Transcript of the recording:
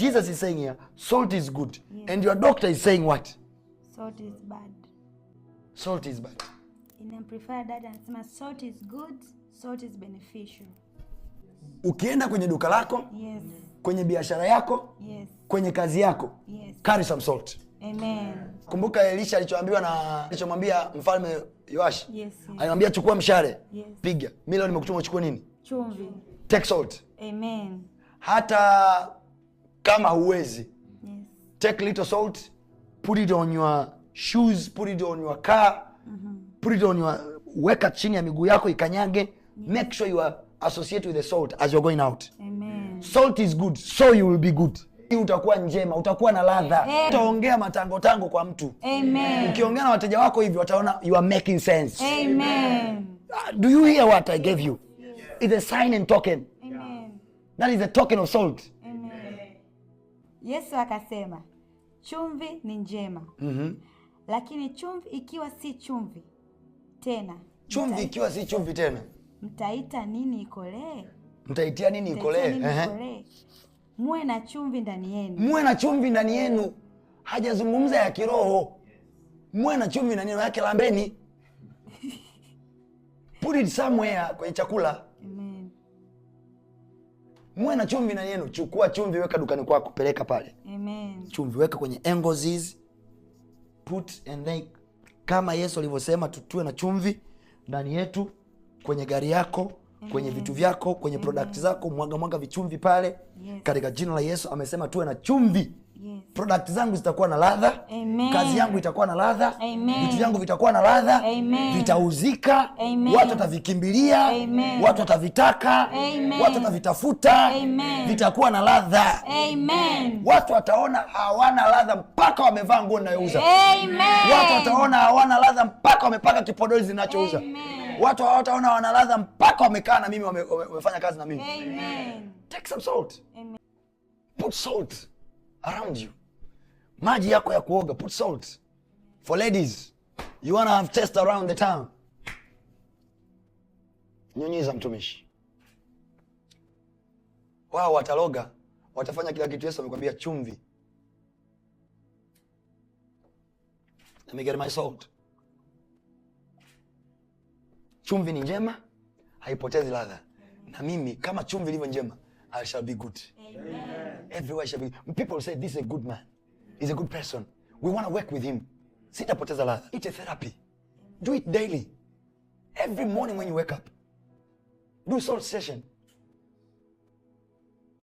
Jesus is saying here, salt is good. Yes. And your doctor is saying what? Salt is bad. Salt is bad. In amplified data anasema salt is good, salt is beneficial. Ukienda kwenye duka lako, yes. Kwenye biashara yako, yes. Kwenye kazi yako, yes. Carry some salt. Amen. Kumbuka Elisha alichoambiwa na alichomwambia mfalme Yoash. Yes, yes. Alimwambia chukua mshale, yes. Piga. Mimi leo nimekutuma uchukue nini? Chumvi. Take salt. Amen. Hata kama huwezi yes. take little salt put it on your shoes put it on your car mm -hmm. put it on your weka chini ya miguu yako ikanyage yes. make sure you are associate with the salt as you're going out Amen. salt is good so you will be good utakuwa njema, utakuwa na ladha, utaongea matango tango kwa mtu. Amen. Ukiongea na wateja wako hivyo, wataona you are making sense. Amen. Ah, do you hear what I gave you? yes. It's a sign and token. Amen. That is a token of salt. Yesu akasema chumvi ni njema mm -hmm. Lakini chumvi ikiwa si chumvi tena, chumvi mtaita, ikiwa si chumvi tena, mtaita nini ikolee? Mtaitia nini ikolee? Muwe na chumvi ndani yenu, muwe na chumvi ndani eh. yenu. Hajazungumza ya kiroho, muwe na chumvi ndani yenu yake, lambeni put it somewhere kwenye chakula Muwe na chumvi na yenu, chukua chumvi, weka dukani kwako, peleka pale. Amen. Chumvi weka kwenye angles Put and like kama Yesu alivyosema tutue na chumvi ndani yetu, kwenye gari yako, kwenye vitu vyako, kwenye product zako, mwaga mwaga vichumvi pale. Yes. Katika jina la Yesu amesema tuwe na chumvi Yes. Product zangu zitakuwa na ladha, kazi yangu itakuwa na ladha, vitu vyangu vitakuwa na ladha, vitauzika, watu watavikimbilia, watu watavitaka, watu watavitafuta, vitakuwa na ladha. Watu wataona hawana ladha mpaka wamevaa nguo ninayouza. Watu wataona hawana ladha mpaka wamepaka kipodozi ninachouza. Watu hawataona hawana ladha mpaka wamekaa na mimi, wamefanya kazi na mimi. Take some salt. Put salt around you. Maji yako ya kuoga, put salt. For ladies, you wanna have test around the town. Nyunyiza mtumishi. Wao wataloga, watafanya kila kitu Yesu amekwambia chumvi. Let me get my salt. Chumvi ni njema, haipotezi ladha. Na mimi kama chumvi ilivyo njema, I shall be good. Amen everywhere shall be. People say this is a good man, he's a good person. We want to work with him. Sit up, It's a therapy. Do it daily. Every morning when you wake up, do soul session.